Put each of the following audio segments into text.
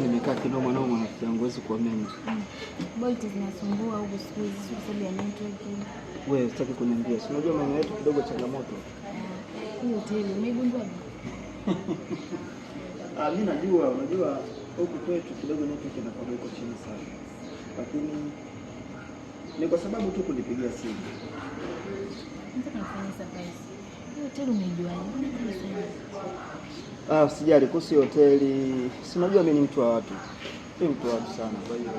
nimekaa kidogo mwanao, mwanafiki yangu wezi kuamini bolt zinasumbua huku siku hizi kwa sababu ya network. Wewe sitaki kuniambia, si unajua maeneo yetu kidogo changamoto hiyo. Hoteli umeigundua? Ah, mimi najua, unajua huku kwetu kidogo network inakuwa iko chini sana lakini ni kwa sababu tu kunipigia simu. Ah, usijali kuhusu hoteli, si unajua mimi ni mtu wa watu, ni mtu wa watu sana, kwa hiyo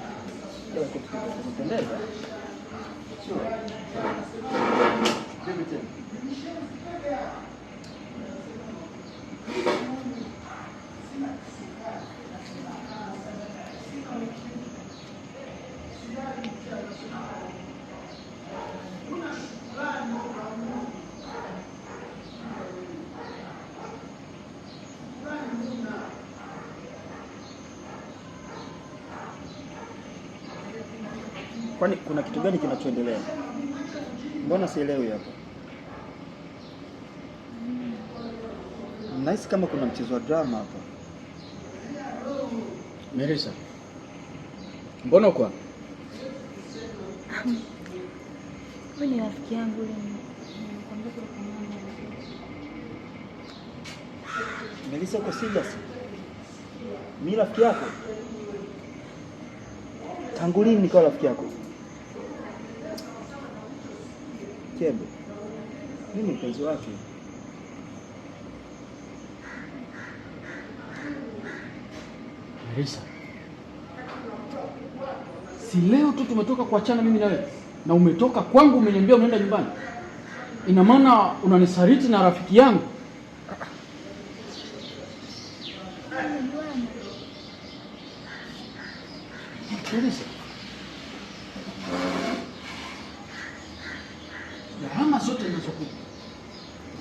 Kwani kuna kitu gani kinachoendelea? Mbona sielewi hapa? Nahisi kama kuna mchezo wa drama hapa. Melissa, mbona uko hapa? Wewe ni rafiki yangu yule. Melissa, uko serious? Mimi rafiki yako? Tangu lini nikawa rafiki yako? mkebe. mimi ni mpenzi wake. Marisa, si leo tu tumetoka kuachana mimi na wewe, na umetoka kwangu, umeniambia unaenda nyumbani. Ina maana unanisaliti na rafiki yangu? Marisa. gharama zote zinazokuja,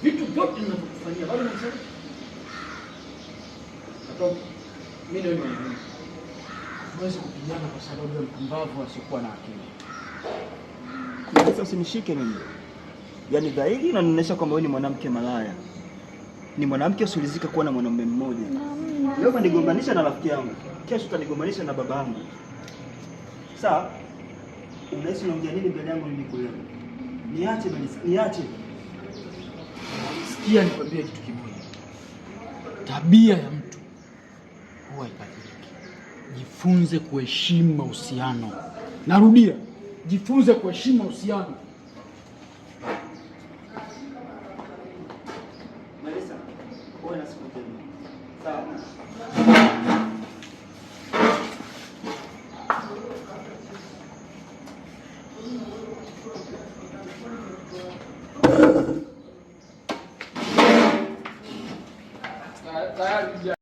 vitu vyote ninavyokufanyia bado nasema hata milioni huwezi kupigana kwa sababu ya mpumbavu asiokuwa na akili. Sasa usinishike mimi, yaani dhahiri inanionyesha kwamba wewe ni mwanamke malaya, ni mwanamke usiulizika kuwa na mwanamume mmoja. Leo utanigombanisha na rafiki yangu, kesho utanigombanisha na baba angu Sawa, unahisi unaongea nini mbele yangu mimi kuelewa? Niache bali, niache. Sikia nikwambie kitu kimoja, tabia ya mtu huwa ibadiliki. Jifunze kuheshimu mahusiano. Narudia, jifunze kuheshimu mahusiano. Sawa. tarde.